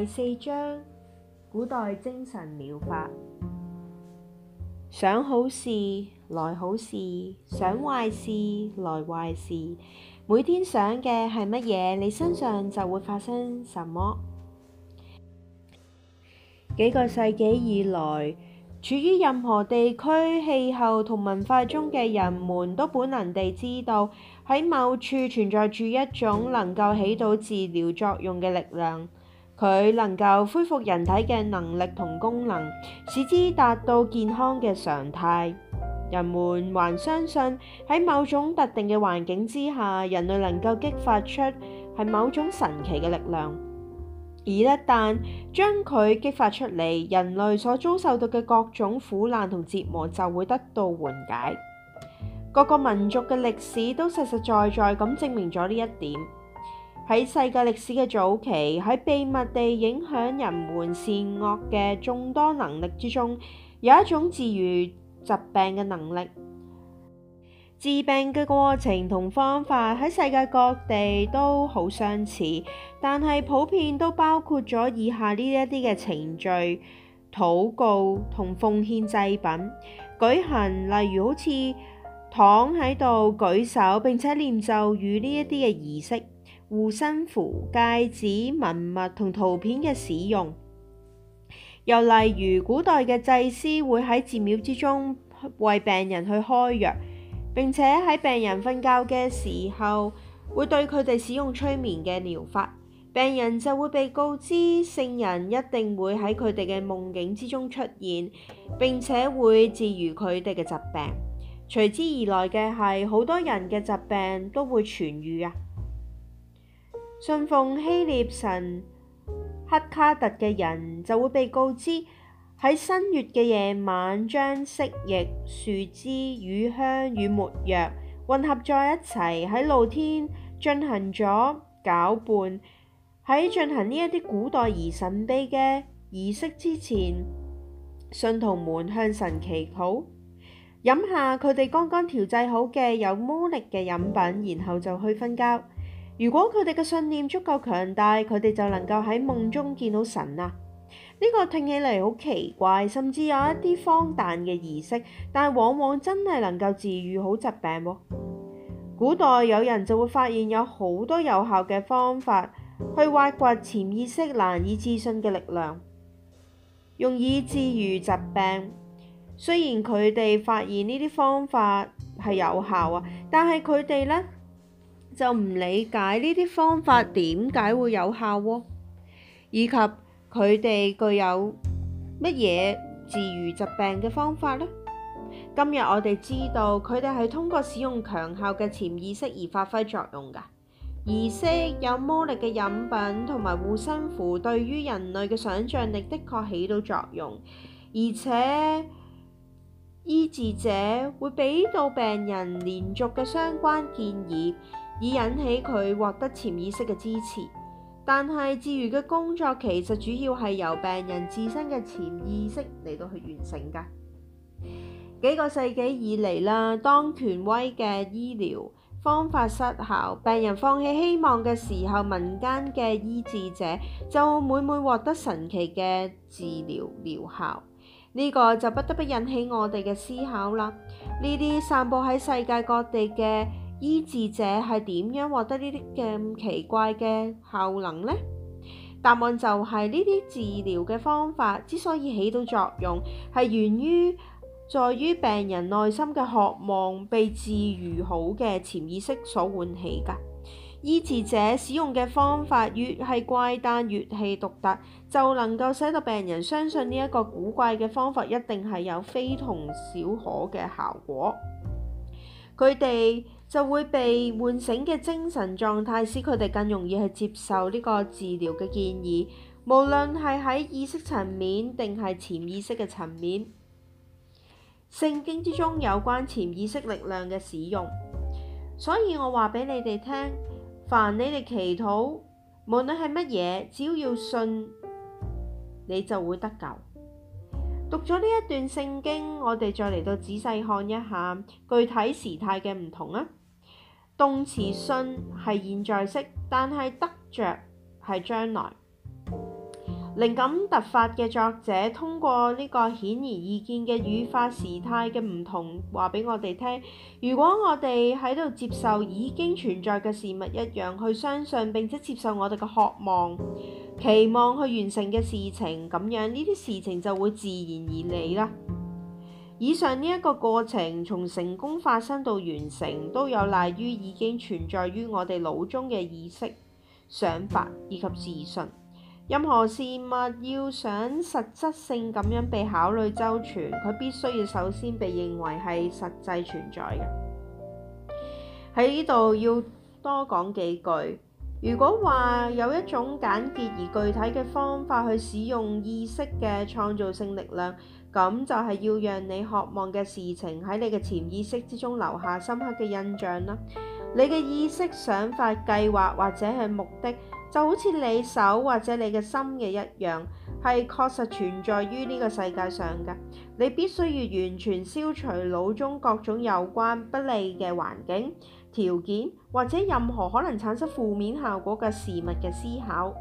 第四章：古代精神療法。想好事來好事，想壞事來壞事。每天想嘅係乜嘢，你身上就會發生什麼。幾個世紀以來，處於任何地區、氣候同文化中嘅人們都本能地知道，喺某處存在住一種能夠起到治療作用嘅力量。佢能夠恢復人體嘅能力同功能，使之達到健康嘅常態。人們還相信，喺某種特定嘅環境之下，人類能夠激發出係某種神奇嘅力量。而一旦將佢激發出嚟，人類所遭受到嘅各種苦難同折磨就會得到緩解。各個民族嘅歷史都實實在在咁證明咗呢一點。喺世界歷史嘅早期，喺秘密地影響人們善惡嘅眾多能力之中，有一種治癒疾病嘅能力。治病嘅過程同方法喺世界各地都好相似，但係普遍都包括咗以下呢一啲嘅程序：禱告同奉獻祭品，舉行例如好似躺喺度舉手並且唸咒語呢一啲嘅儀式。護身符、戒指、文物同圖片嘅使用，又例如古代嘅祭司會喺寺廟之中為病人去開藥，並且喺病人瞓覺嘅時候會對佢哋使用催眠嘅療法，病人就會被告知聖人一定會喺佢哋嘅夢境之中出現，並且會治癒佢哋嘅疾病。隨之而來嘅係好多人嘅疾病都會痊癒啊！信奉希臘神赫卡特嘅人就會被告知喺新月嘅夜晚將蜥蜴、樹枝、乳香與抹藥混合在一齊喺露天進行咗攪拌。喺進行呢一啲古代而神秘嘅儀式之前，信徒們向神祈禱，飲下佢哋剛剛調製好嘅有魔力嘅飲品，然後就去瞓覺。如果佢哋嘅信念足夠強大，佢哋就能夠喺夢中見到神啊！呢個聽起嚟好奇怪，甚至有一啲荒誕嘅儀式，但係往往真係能夠治癒好疾病喎。古代有人就會發現有好多有效嘅方法去挖掘潛意識難以置信嘅力量，用以治癒疾病。雖然佢哋發現呢啲方法係有效啊，但係佢哋呢。就唔理解呢啲方法點解會有效喎，以及佢哋具有乜嘢治愈疾病嘅方法咧？今日我哋知道佢哋係通過使用強效嘅潛意識而發揮作用噶。儀式有魔力嘅飲品同埋護身符對於人類嘅想象力的確起到作用，而且醫治者會俾到病人連續嘅相關建議。以引起佢獲得潛意識嘅支持，但係治愈嘅工作其實主要係由病人自身嘅潛意識嚟到去完成㗎。幾個世紀以嚟啦，當權威嘅醫療方法失效，病人放棄希望嘅時候，民間嘅醫治者就每每獲得神奇嘅治療療效。呢個就不得不引起我哋嘅思考啦。呢啲散佈喺世界各地嘅。醫治者係點樣獲得呢啲咁奇怪嘅效能呢？答案就係呢啲治療嘅方法之所以起到作用，係源於在於病人內心嘅渴望被治愈好嘅潛意識所喚起㗎。醫治者使用嘅方法越係怪誕，越係獨特，就能夠使到病人相信呢一個古怪嘅方法一定係有非同小可嘅效果。佢哋，就會被喚醒嘅精神狀態，使佢哋更容易去接受呢個治療嘅建議。無論係喺意識層面定係潛意識嘅層面，聖經之中有關潛意識力量嘅使用。所以，我話畀你哋聽，凡你哋祈禱，無論係乜嘢，只要要信，你就會得救。讀咗呢一段聖經，我哋再嚟到仔細看一下具體時態嘅唔同吖。動詞信係現在式，但係得着係將來。靈感突發嘅作者通過呢個顯而易見嘅語法時態嘅唔同，話俾我哋聽：如果我哋喺度接受已經存在嘅事物一樣，去相信並且接受我哋嘅渴望、期望去完成嘅事情，咁樣呢啲事情就會自然而然啦。以上呢一個過程，從成功發生到完成，都有賴於已經存在於我哋腦中嘅意識、想法以及自信。任何事物要想實質性咁樣被考慮周全，佢必須要首先被認為係實際存在嘅。喺呢度要多講幾句。如果話有一種簡潔而具體嘅方法去使用意識嘅創造性力量，咁就係要讓你渴望嘅事情喺你嘅潛意識之中留下深刻嘅印象啦。你嘅意識、想法、計劃或者係目的，就好似你手或者你嘅心嘅一樣，係確實存在於呢個世界上嘅。你必須要完全消除腦中各種有關不利嘅環境條件，或者任何可能產生負面效果嘅事物嘅思考。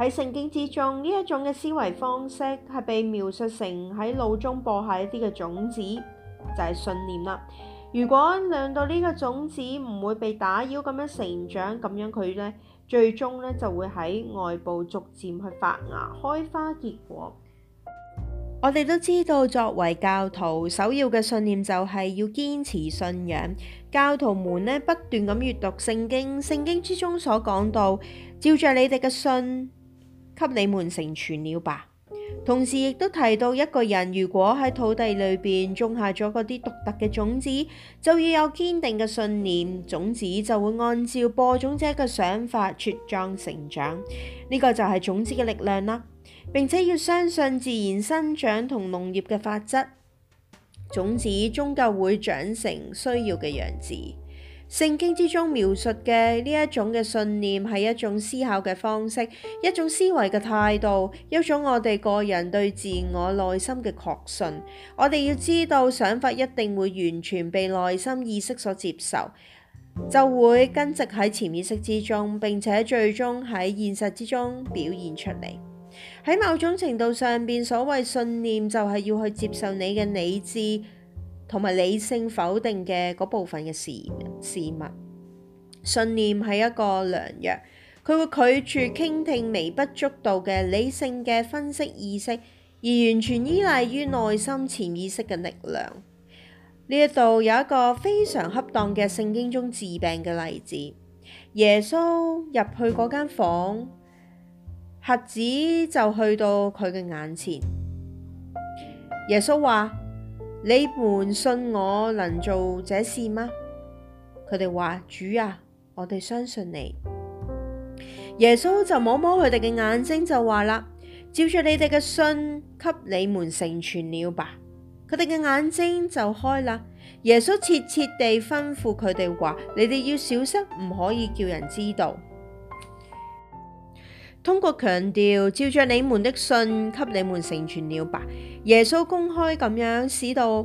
喺聖經之中，呢一種嘅思維方式係被描述成喺腦中播下一啲嘅種子，就係信念啦。如果令到呢個種子唔會被打擾咁樣成長，咁樣佢呢，最終呢就會喺外部逐漸去發芽、開花、結果。我哋都知道，作為教徒首要嘅信念就係要堅持信仰。教徒們呢不斷咁閱讀聖經，聖經之中所講到，照着你哋嘅信。給你們成全了吧。同時亦都提到一個人，如果喺土地裏邊種下咗嗰啲獨特嘅種子，就要有堅定嘅信念，種子就會按照播種者嘅想法茁壯成長。呢，這個就係種子嘅力量啦，並且要相信自然生長同農業嘅法則，種子終究會長成需要嘅樣子。聖經之中描述嘅，呢一種嘅信念，係一種思考嘅方式，一種思維嘅態度，一種我哋個人對自我內心嘅確信。我哋要知道，想法一定會完全被內心意識所接受，就會根植喺潛意識之中，並且最終喺現實之中表現出嚟。喺某種程度上邊，所謂信念就係要去接受你嘅理智。同埋理性否定嘅嗰部分嘅事物事物，信念係一個良藥，佢會拒絕傾聽微不足道嘅理性嘅分析意識，而完全依賴於內心潛意識嘅力量。呢一度有一個非常恰當嘅聖經中治病嘅例子，耶穌入去嗰間房，瞎子就去到佢嘅眼前，耶穌話。你們信我能做這事嗎？佢哋話：主啊，我哋相信你。耶穌就摸摸佢哋嘅眼睛，就話啦：照住你哋嘅信，給你們成全了吧。佢哋嘅眼睛就開啦。耶穌切切地吩咐佢哋話：你哋要小心，唔可以叫人知道。通過強調，照着你們的信，給你們成全了吧。耶穌公開咁樣使到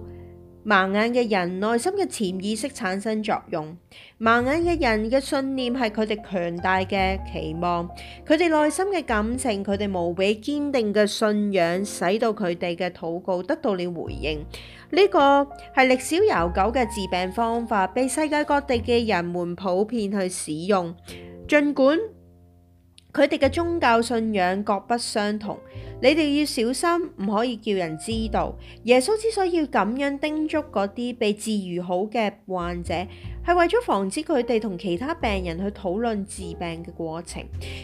盲眼嘅人內心嘅潛意識產生作用。盲眼嘅人嘅信念係佢哋強大嘅期望，佢哋內心嘅感情，佢哋無比堅定嘅信仰，使到佢哋嘅禱告得到了回應。呢個係歷史悠久嘅治病方法，被世界各地嘅人們普遍去使用，盡管。佢哋嘅宗教信仰各不相同，你哋要小心，唔可以叫人知道。耶穌之所以要咁樣叮囑嗰啲被治愈好嘅患者，係為咗防止佢哋同其他病人去討論治病嘅過程。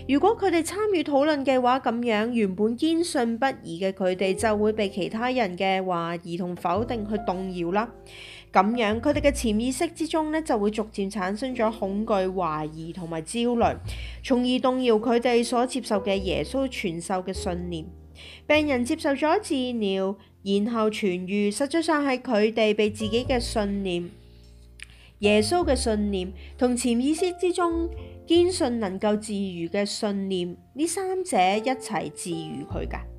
如果佢哋參與討論嘅話，咁樣原本堅信不疑嘅佢哋，就會被其他人嘅懷疑同否定去動搖啦。咁樣佢哋嘅潛意識之中呢，就會逐漸產生咗恐懼、懷疑同埋焦慮，從而動搖佢哋所接受嘅耶穌傳授嘅信念。病人接受咗治療，然後痊愈，實際上係佢哋被自己嘅信念、耶穌嘅信念同潛意識之中堅信能夠治癒嘅信念呢三者一齊治癒佢㗎。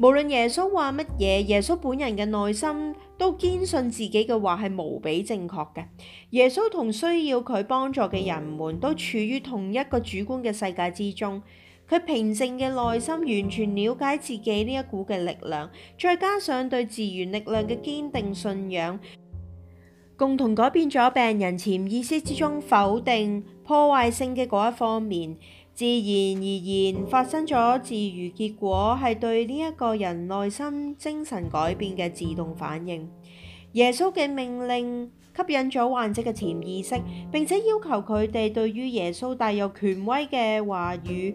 無論耶穌話乜嘢，耶穌本人嘅內心都堅信自己嘅話係無比正確嘅。耶穌同需要佢幫助嘅人們都處於同一個主觀嘅世界之中。佢平靜嘅內心完全了解自己呢一股嘅力量，再加上對自然力量嘅堅定信仰，共同改變咗病人潛意識之中否定破壞性嘅嗰一方面。自然而然發生咗自愈結果，係對呢一個人內心精神改變嘅自動反應。耶穌嘅命令吸引咗患者嘅潛意識，並且要求佢哋對於耶穌帶有權威嘅話語、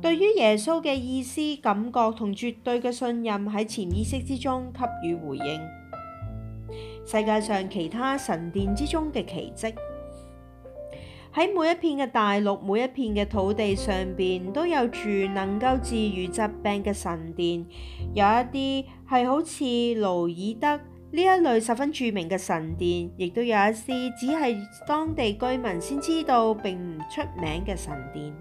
對於耶穌嘅意思、感覺同絕對嘅信任喺潛意識之中給予回應。世界上其他神殿之中嘅奇蹟。喺每一片嘅大陸，每一片嘅土地上邊都有住能夠治癒疾病嘅神殿，有一啲係好似盧爾德呢一類十分著名嘅神殿，亦都有一啲只係當地居民先知道並唔出名嘅神殿。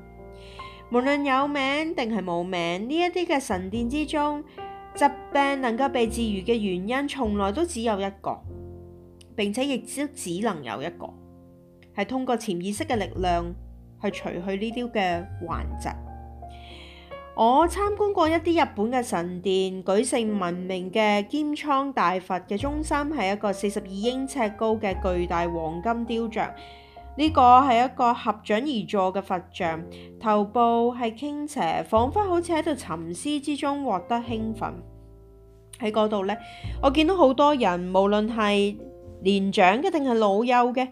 無論有名定係冇名，呢一啲嘅神殿之中，疾病能夠被治癒嘅原因，從來都只有一個，並且亦都只能有一個。係通過潛意識嘅力量去除去呢啲嘅頑疾。我參觀過一啲日本嘅神殿，舉世聞名嘅鎌倉大佛嘅中心係一個四十二英尺高嘅巨大黃金雕像。呢個係一個合掌而坐嘅佛像，頭部係傾斜，彷彿好似喺度沉思之中獲得興奮。喺嗰度呢，我見到好多人，無論係年長嘅定係老幼嘅。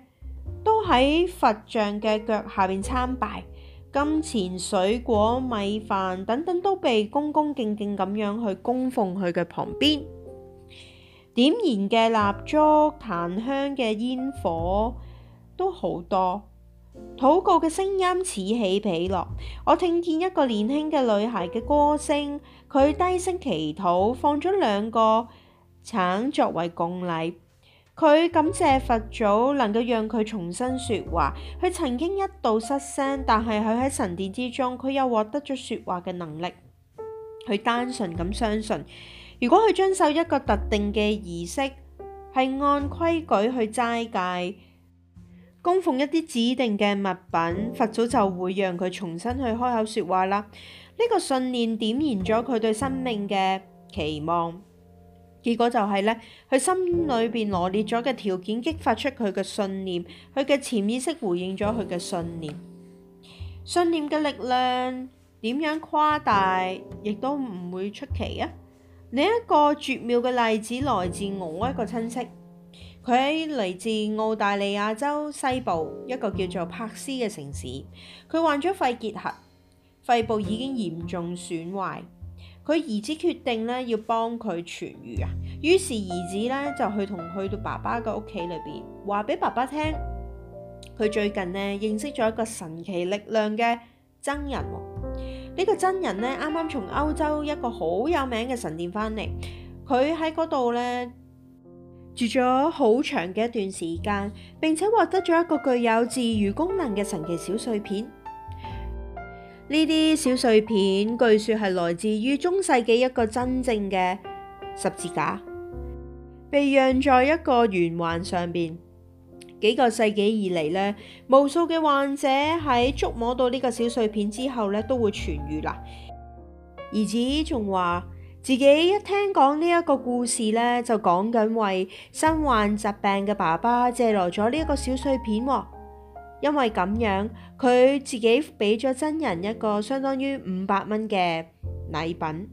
都喺佛像嘅腳下邊參拜，金錢、水果、米飯等等都被恭恭敬敬咁樣去供奉佢嘅旁邊。點燃嘅蠟燭、檀香嘅煙火都好多，禱告嘅聲音此起彼落。我聽見一個年輕嘅女孩嘅歌聲，佢低聲祈禱，放咗兩個橙作為供禮。佢感謝佛祖能夠讓佢重新說話。佢曾經一度失聲，但係佢喺神殿之中，佢又獲得咗說話嘅能力。佢單純咁相信，如果佢遵守一個特定嘅儀式，係按規矩去齋戒、供奉一啲指定嘅物品，佛祖就會讓佢重新去開口說話啦。呢、這個信念點燃咗佢對生命嘅期望。結果就係咧，佢心裏邊羅列咗嘅條件激發出佢嘅信念，佢嘅潛意識回應咗佢嘅信念。信念嘅力量點樣誇大，亦都唔會出奇啊！另一個絕妙嘅例子來自我一個親戚，佢喺嚟自澳大利亞州西部一個叫做帕斯嘅城市，佢患咗肺結核，肺部已經嚴重損壞。佢兒子決定咧要幫佢痊愈啊，於是兒子咧就去同去到爸爸嘅屋企裏邊話俾爸爸聽，佢最近咧認識咗一個神奇力量嘅真人喎。呢個真人咧啱啱從歐洲一個好有名嘅神殿翻嚟，佢喺嗰度咧住咗好長嘅一段時間，並且獲得咗一個具有治愈功能嘅神奇小碎片。呢啲小碎片據說係來自於中世紀一個真正嘅十字架，被鑲在一個圓環上邊。幾個世紀以嚟呢，無數嘅患者喺觸摸到呢個小碎片之後呢，都會痊癒啦。兒子仲話自己一聽講呢一個故事呢，就講緊為身患疾病嘅爸爸借來咗呢個小碎片喎。因為咁樣，佢自己俾咗真人一個相當於五百蚊嘅禮品。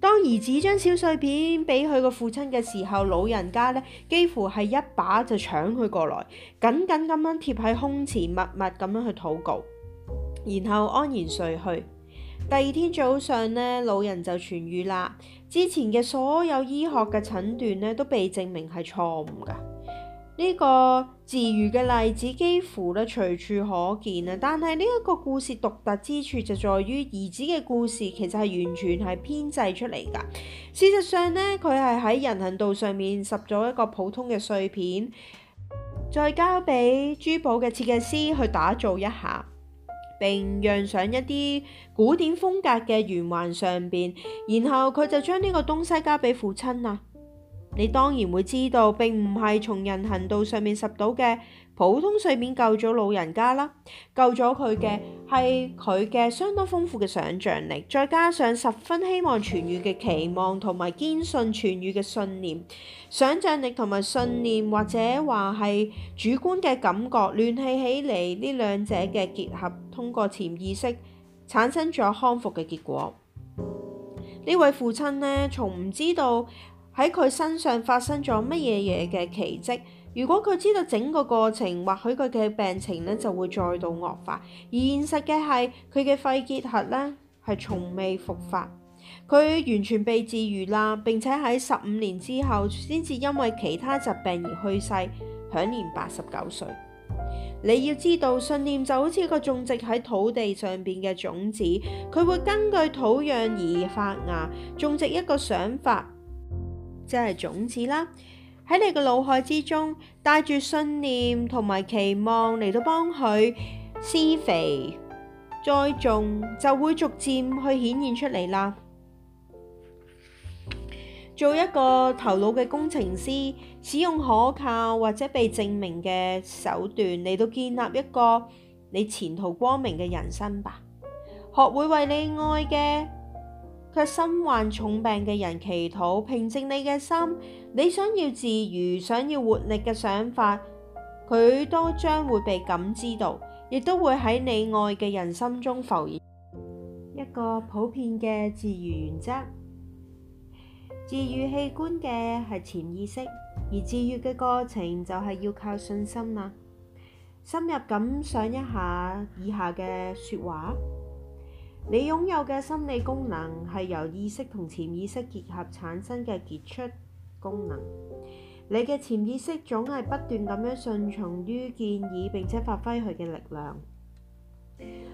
當兒子將小碎片俾佢個父親嘅時候，老人家咧幾乎係一把就搶佢過來，緊緊咁樣貼喺胸前，密密咁樣去禱告，然後安然睡去。第二天早上咧，老人就痊癒啦。之前嘅所有醫學嘅診斷咧，都被證明係錯誤噶。呢個自如嘅例子幾乎咧隨處可見啊！但係呢一個故事獨特之處就在於兒子嘅故事其實係完全係編製出嚟㗎。事實上呢，佢係喺人行道上面拾咗一個普通嘅碎片，再交俾珠寶嘅設計師去打造一下，並釘上一啲古典風格嘅圓環上邊，然後佢就將呢個東西交俾父親啦。你當然會知道，並唔係從人行道上面拾到嘅普通碎片救咗老人家啦。救咗佢嘅係佢嘅相當豐富嘅想像力，再加上十分希望痊愈嘅期望同埋堅信痊愈嘅信念。想像力同埋信念或者話係主觀嘅感覺聯繫起嚟，呢兩者嘅結合通過潛意識產生咗康復嘅結果。呢位父親呢，從唔知道。喺佢身上發生咗乜嘢嘢嘅奇蹟？如果佢知道整個過程，或許佢嘅病情呢就會再度惡化。而現實嘅係佢嘅肺結核呢係從未復發，佢完全被治癒啦。並且喺十五年之後，先至因為其他疾病而去世，享年八十九歲。你要知道，信念就好似一個種植喺土地上邊嘅種子，佢會根據土壤而發芽。種植一個想法。即係種子啦，喺你嘅腦海之中帶住信念同埋期望嚟到幫佢施肥栽種，就會逐漸去顯現出嚟啦。做一個頭腦嘅工程師，使用可靠或者被證明嘅手段嚟到建立一個你前途光明嘅人生吧。學會為你愛嘅卻身患重病嘅人祈禱，平靜你嘅心。你想要治癒，想要活力嘅想法，佢都將會被感知到，亦都會喺你愛嘅人心中浮現。一個普遍嘅治癒原則：治癒器官嘅係潛意識，而治癒嘅過程就係要靠信心啦。深入咁想一下以下嘅說話。你擁有嘅心理功能係由意識同潛意識結合產生嘅傑出功能。你嘅潛意識總係不斷咁樣順從於建議，並且發揮佢嘅力量。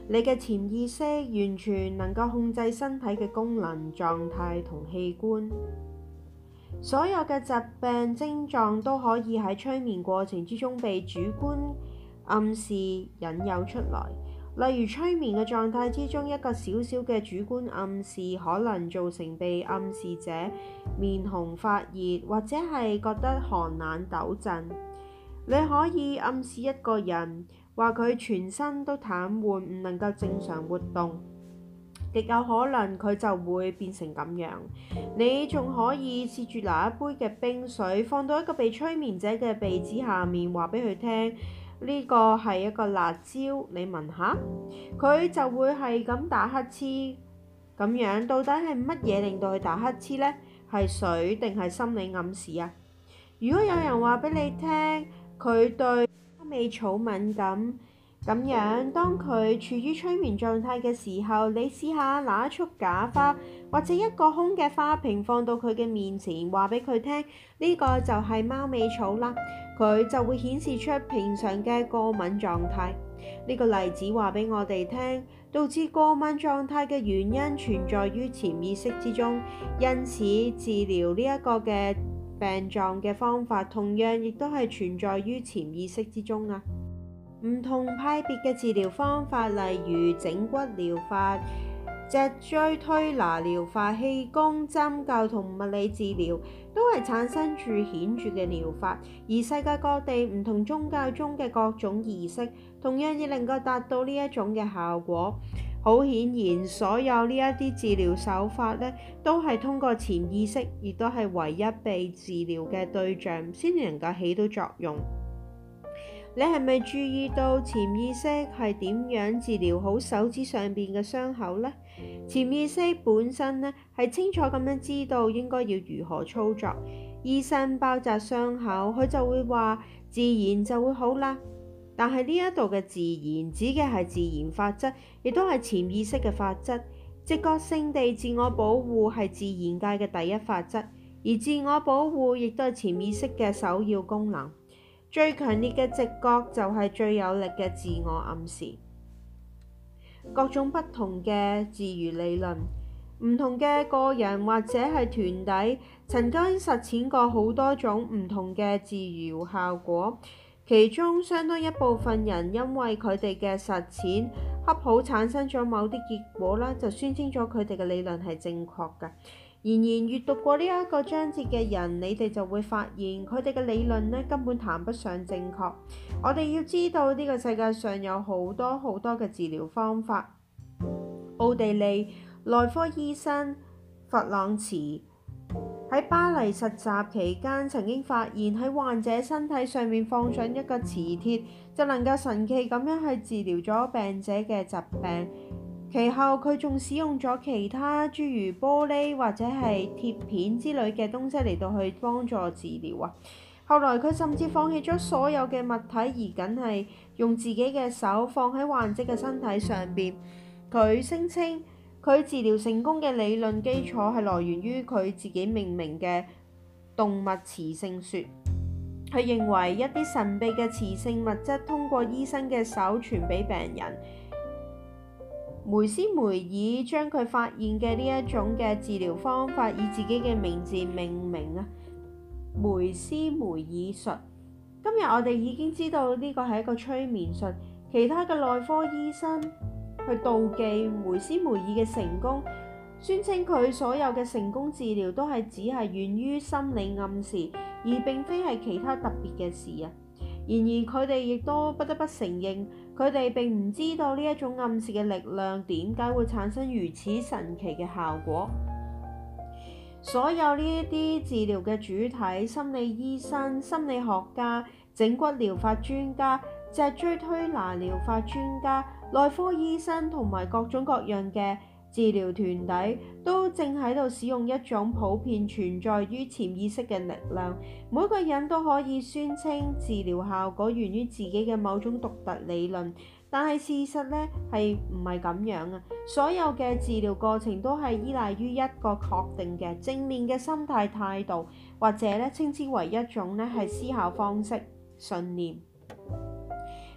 你嘅潛意識完全能夠控制身體嘅功能、狀態同器官，所有嘅疾病、症狀都可以喺催眠過程之中被主觀暗示引誘出來。例如催眠嘅狀態之中，一個小小嘅主觀暗示，可能造成被暗示者面紅發熱，或者係覺得寒冷抖震。你可以暗示一個人話佢全身都癱瘓，唔能夠正常活動，極有可能佢就會變成咁樣。你仲可以試住拿一杯嘅冰水放到一個被催眠者嘅鼻子下面，話俾佢聽。呢個係一個辣椒，你聞下，佢就會係咁打乞嗤，咁樣到底係乜嘢令到佢打乞嗤呢？係水定係心理暗示啊？如果有人話俾你聽，佢對貓尾草敏感，咁樣當佢處於催眠狀態嘅時候，你試下拿一束假花或者一個空嘅花瓶放到佢嘅面前，話俾佢聽，呢、這個就係貓尾草啦。佢就會顯示出平常嘅過敏狀態。呢個例子話俾我哋聽，導致過敏狀態嘅原因存在於潛意識之中，因此治療呢一個嘅病狀嘅方法，同樣亦都係存在於潛意識之中啊。唔同派別嘅治療方法，例如整骨療法。脊椎推拿療法、氣功針灸同物理治療都係產生住顯著嘅療法，而世界各地唔同宗教中嘅各種儀式，同樣亦能夠達到呢一種嘅效果。好顯然，所有呢一啲治療手法呢，都係通過潛意識，亦都係唯一被治療嘅對象先能夠起到作用。你係咪注意到潛意識係點樣治療好手指上邊嘅傷口呢？潛意識本身呢係清楚咁樣知道應該要如何操作，醫生包紮傷口，佢就會話自然就會好啦。但係呢一度嘅自然指嘅係自然法則，亦都係潛意識嘅法則。直覺性地自我保護係自然界嘅第一法則，而自我保護亦都係潛意識嘅首要功能。最強烈嘅直覺就係最有力嘅自我暗示。各種不同嘅治愈理論，唔同嘅個人或者係團體曾經實踐過好多種唔同嘅治療效果，其中相當一部分人因為佢哋嘅實踐恰好產生咗某啲結果啦，就宣稱咗佢哋嘅理論係正確嘅。然而，閱讀過呢一個章節嘅人，你哋就會發現佢哋嘅理論呢根本談不上正確。我哋要知道呢個世界上有好多好多嘅治療方法。奧地利內科醫生弗朗茨喺巴黎實習期間曾經發現喺患者身體上面放上一個磁鐵，就能夠神奇咁樣去治療咗病者嘅疾病。其後佢仲使用咗其他諸如玻璃或者係鐵片之類嘅東西嚟到去幫助治療啊。後來佢甚至放棄咗所有嘅物體，而僅係用自己嘅手放喺患者嘅身體上邊。佢聲稱佢治療成功嘅理論基礎係來源於佢自己命名嘅動物磁性説。佢認為一啲神秘嘅磁性物質通過醫生嘅手傳俾病人。梅斯梅爾將佢發現嘅呢一種嘅治療方法以自己嘅名字命名啊，梅斯梅爾術。今日我哋已經知道呢個係一個催眠術。其他嘅內科醫生去妒忌梅斯梅爾嘅成功，宣稱佢所有嘅成功治療都係只係源於心理暗示，而並非係其他特別嘅事啊。然而佢哋亦都不得不承認。佢哋並唔知道呢一種暗示嘅力量點解會產生如此神奇嘅效果。所有呢一啲治療嘅主體，心理醫生、心理學家、整骨療法專家、脊椎推拿療法專家、內科醫生同埋各種各樣嘅治療團體都正喺度使用一種普遍存在於潛意識嘅力量，每個人都可以宣稱治療效果源於自己嘅某種獨特理論，但係事實呢係唔係咁樣啊？所有嘅治療過程都係依賴於一個確定嘅正面嘅心態態度，或者咧稱之為一種呢係思考方式、信念。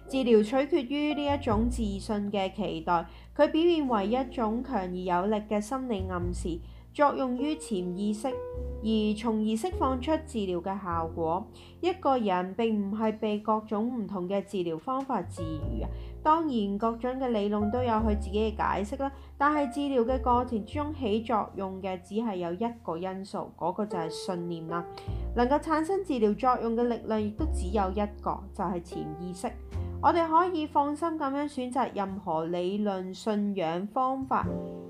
治療取決於呢一種自信嘅期待。佢表現為一種強而有力嘅心理暗示，作用於潛意識，而從而釋放出治療嘅效果。一個人並唔係被各種唔同嘅治療方法治癒啊，當然各種嘅理論都有佢自己嘅解釋啦。但係治療嘅過程中起作用嘅只係有一個因素，嗰個就係信念啦。能夠產生治療作用嘅力量亦都只有一個，就係潛意識。我哋可以放心咁樣選擇任何理論、信仰、方法，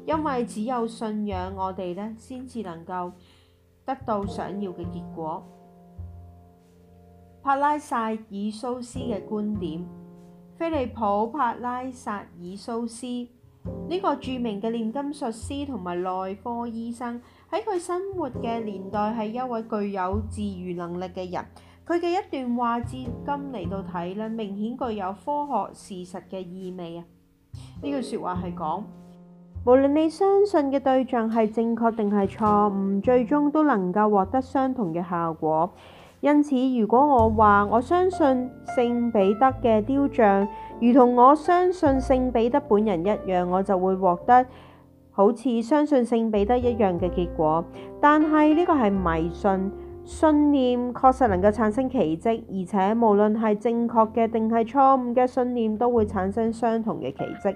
因為只有信仰，我哋呢先至能夠得到想要嘅結果。帕拉塞爾蘇斯嘅觀點，菲利普·帕拉塞爾蘇斯呢個著名嘅煉金術師同埋內科醫生，喺佢生活嘅年代係一位具有治愈能力嘅人。佢嘅一段話至今嚟到睇呢，明顯具有科學事實嘅意味啊！呢句説話係講，無論你相信嘅對象係正確定係錯誤，最終都能夠獲得相同嘅效果。因此，如果我話我相信聖彼得嘅雕像，如同我相信聖彼得本人一樣，我就會獲得好似相信聖彼得一樣嘅結果。但係呢個係迷信。信念確實能夠產生奇蹟，而且無論係正確嘅定係錯誤嘅信念，都會產生相同嘅奇蹟。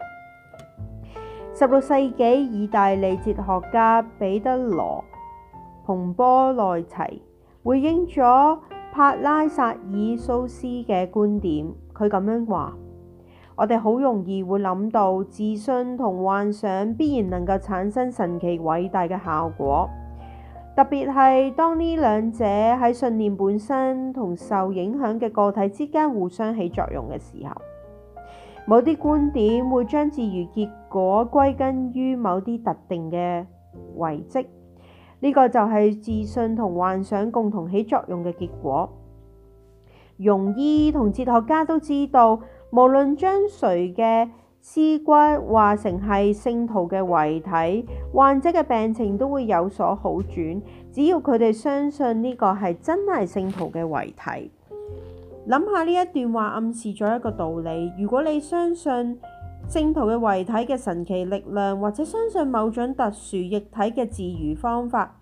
十六世紀意大利哲學家彼得羅蓬波內齊回應咗帕拉薩爾蘇斯嘅觀點，佢咁樣話：我哋好容易會諗到，自信同幻想必然能夠產生神奇偉大嘅效果。特別係當呢兩者喺信念本身同受影響嘅個體之間互相起作用嘅時候，某啲觀點會將治癒結果歸根於某啲特定嘅遺跡，呢個就係自信同幻想共同起作用嘅結果。庸醫同哲學家都知道，無論將誰嘅屍骨話成係聖徒嘅遺體，患者嘅病情都會有所好轉，只要佢哋相信呢個係真係聖徒嘅遺體。諗下呢一段話暗示咗一個道理：如果你相信聖徒嘅遺體嘅神奇力量，或者相信某種特殊液體嘅治癒方法，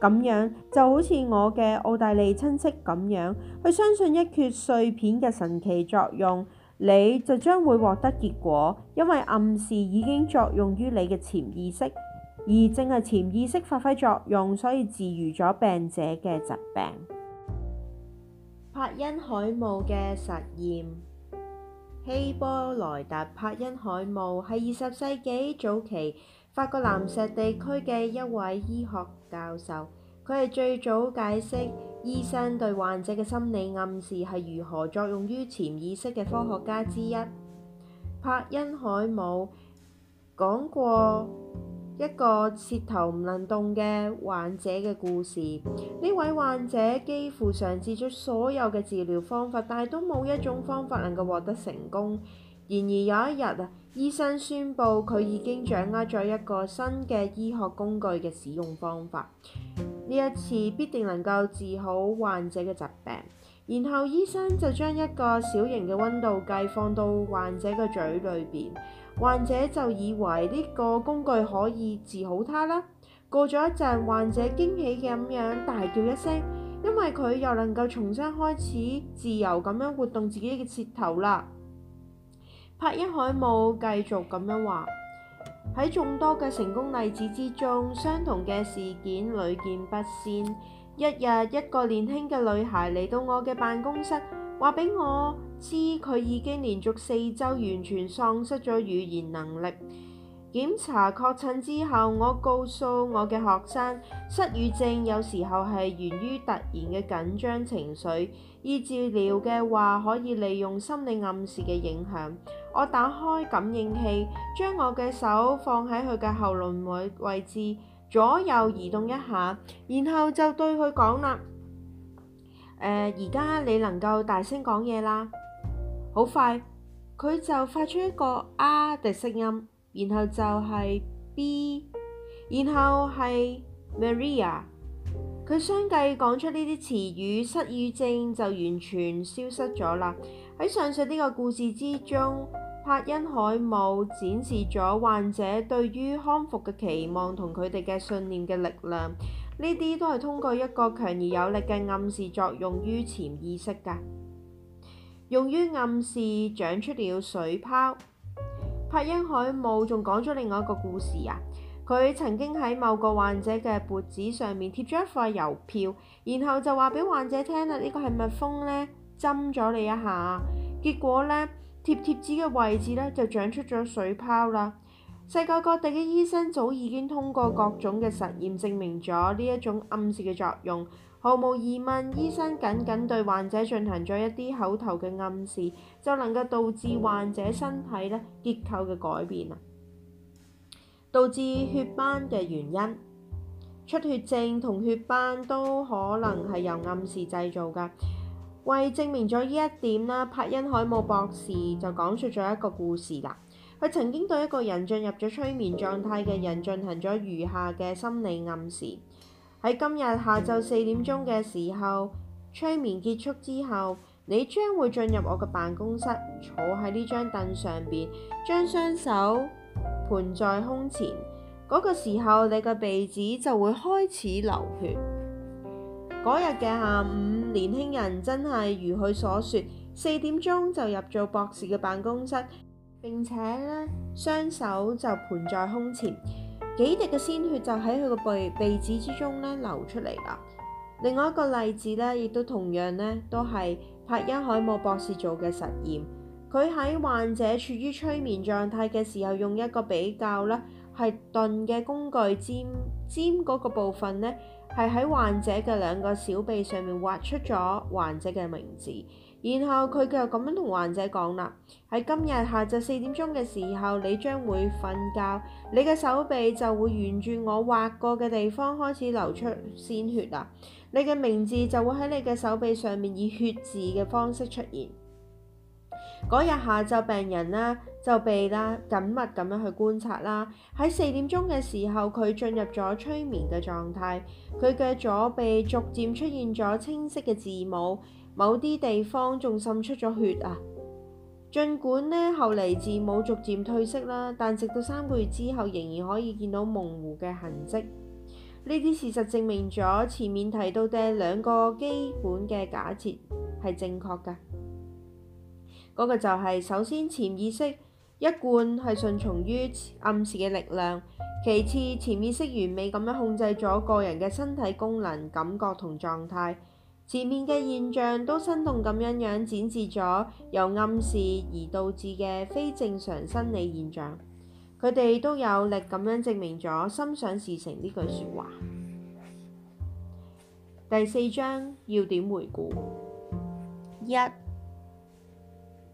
咁樣就好似我嘅澳大利親戚咁樣，去相信一缺碎片嘅神奇作用。你就將會獲得結果，因為暗示已經作用於你嘅潛意識，而正係潛意識發揮作用，所以治癒咗病者嘅疾病。柏恩海姆嘅實驗，希波萊特柏恩海姆係二十世紀早期法國南錫地區嘅一位醫學教授，佢係最早解釋。醫生對患者嘅心理暗示係如何作用於潛意識嘅科學家之一，柏恩海姆講過一個舌頭唔能動嘅患者嘅故事。呢位患者幾乎嘗試咗所有嘅治療方法，但係都冇一種方法能夠獲得成功。然而有一日啊，醫生宣布佢已經掌握咗一個新嘅醫學工具嘅使用方法。呢一次必定能夠治好患者嘅疾病，然後醫生就將一個小型嘅溫度計放到患者嘅嘴裏邊，患者就以為呢個工具可以治好他啦。過咗一陣，患者驚喜嘅咁樣大叫一聲，因為佢又能夠重新開始自由咁樣活動自己嘅舌頭啦。帕恩海姆繼續咁樣話。喺眾多嘅成功例子之中，相同嘅事件屢見不鮮。一日，一個年輕嘅女孩嚟到我嘅辦公室，話俾我知佢已經連續四周完全喪失咗語言能力。檢查確診之後，我告訴我嘅學生，失語症有時候係源於突然嘅緊張情緒。以治療嘅話，可以利用心理暗示嘅影響。我打開感應器，將我嘅手放喺佢嘅喉嚨位位置，左右移動一下，然後就對佢講啦。誒，而家你能夠大聲講嘢啦。好快，佢就發出一個啊嘅聲音，然後就係 B，然後係 Maria。佢相繼講出呢啲詞語，失語症就完全消失咗啦。喺上述呢個故事之中。柏恩海姆展示咗患者對於康復嘅期望同佢哋嘅信念嘅力量，呢啲都係通過一個強而有力嘅暗示作用於潛意識㗎。用於暗示長出了水泡，柏恩海姆仲講咗另外一個故事啊！佢曾經喺某個患者嘅脖子上面貼咗一塊郵票，然後就話俾患者聽啦：呢個係蜜蜂呢？針咗你一下。結果呢，貼貼紙嘅位置咧，就長出咗水泡啦。世界各地嘅醫生早已經通過各種嘅實驗證明咗呢一種暗示嘅作用。毫無疑問，醫生僅僅對患者進行咗一啲口頭嘅暗示，就能夠導致患者身體咧結構嘅改變啦，導致血斑嘅原因、出血症同血斑都可能係由暗示製造㗎。為證明咗呢一點啦，柏恩海姆博士就講述咗一個故事啦。佢曾經對一個人進入咗催眠狀態嘅人進行咗如下嘅心理暗示：喺今日下晝四點鐘嘅時候，催眠結束之後，你將會進入我嘅辦公室，坐喺呢張凳上邊，將雙手盤在胸前。嗰、那個時候，你個鼻子就會開始流血。嗰日嘅下午。年輕人真係如佢所說，四點鐘就入咗博士嘅辦公室，並且咧雙手就盤在胸前，幾滴嘅鮮血就喺佢個鼻鼻子之中咧流出嚟啦。另外一個例子咧，亦都同樣咧，都係柏恩海姆博士做嘅實驗，佢喺患者處於催眠狀態嘅時候，用一個比較咧係鈍嘅工具尖尖嗰個部分咧。係喺患者嘅兩個小臂上面畫出咗患者嘅名字，然後佢就咁樣同患者講啦：喺今日下晝四點鐘嘅時候，你將會瞓覺，你嘅手臂就會沿住我畫過嘅地方開始流出鮮血啦，你嘅名字就會喺你嘅手臂上面以血字嘅方式出現。嗰日下晝，病人啦就被啦緊密咁樣去觀察啦。喺四點鐘嘅時候，佢進入咗催眠嘅狀態，佢嘅左臂逐漸出現咗清晰嘅字母，某啲地方仲滲出咗血啊。儘管呢後嚟字母逐漸褪色啦，但直到三個月之後仍然可以見到模糊嘅痕跡。呢啲事實證明咗前面提到嘅兩個基本嘅假設係正確㗎。嗰個就係首先潛意識一貫係順從於暗示嘅力量，其次潛意識完美咁樣控制咗個人嘅身體功能、感覺同狀態，前面嘅現象都生動咁樣樣展示咗由暗示而導致嘅非正常生理現象，佢哋都有力咁樣證明咗心想事成呢句説話。第四章要點回顧一。Yep.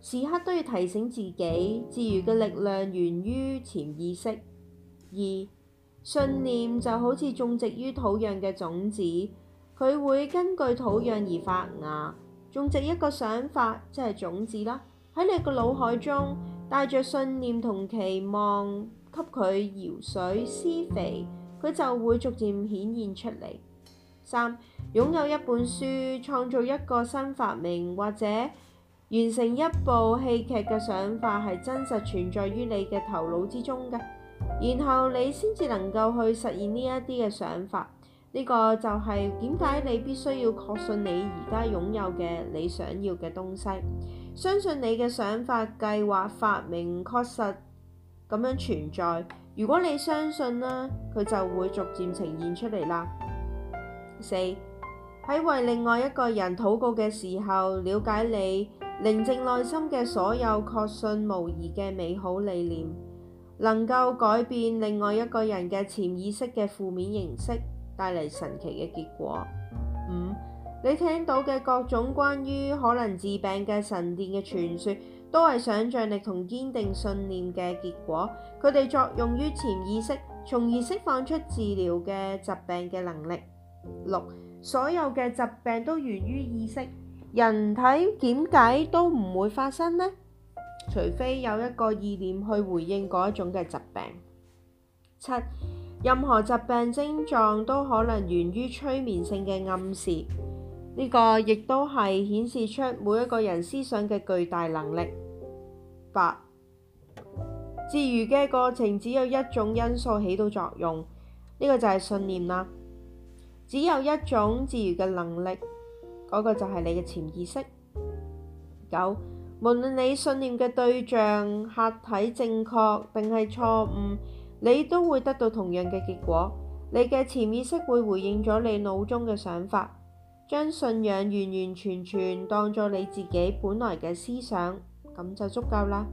時刻都要提醒自己，自癒嘅力量源於潛意識。二、信念就好似種植於土壤嘅種子，佢會根據土壤而發芽。種植一個想法即係種子啦，喺你個腦海中帶著信念同期望，給佢澆水施肥，佢就會逐漸顯現出嚟。三、擁有一本書，創造一個新發明或者，完成一部戲劇嘅想法係真實存在於你嘅頭腦之中嘅，然後你先至能夠去實現呢一啲嘅想法。呢個就係點解你必須要確信你而家擁有嘅你想要嘅東西，相信你嘅想法、計劃、發明確實咁樣存在。如果你相信啦，佢就會逐漸呈現出嚟啦。四喺為另外一個人禱告嘅時候，了解你。寧靜內心嘅所有確信無疑嘅美好理念，能夠改變另外一個人嘅潛意識嘅負面形式，帶嚟神奇嘅結果。五，你聽到嘅各種關於可能治病嘅神殿嘅傳說，都係想象力同堅定信念嘅結果，佢哋作用於潛意識，從而釋放出治療嘅疾病嘅能力。六，所有嘅疾病都源於意識。人體點解都唔會發生呢？除非有一個意念去回應嗰一種嘅疾病。七，任何疾病症狀都可能源於催眠性嘅暗示。呢個亦都係顯示出每一個人思想嘅巨大能力。八，治癒嘅過程只有一種因素起到作用，呢個就係信念啦。只有一種治癒嘅能力。嗰個就係你嘅潛意識。九，無論你信念嘅對象客體正確定係錯誤，你都會得到同樣嘅結果。你嘅潛意識會回應咗你腦中嘅想法，將信仰完完全全當作你自己本來嘅思想，咁就足夠啦。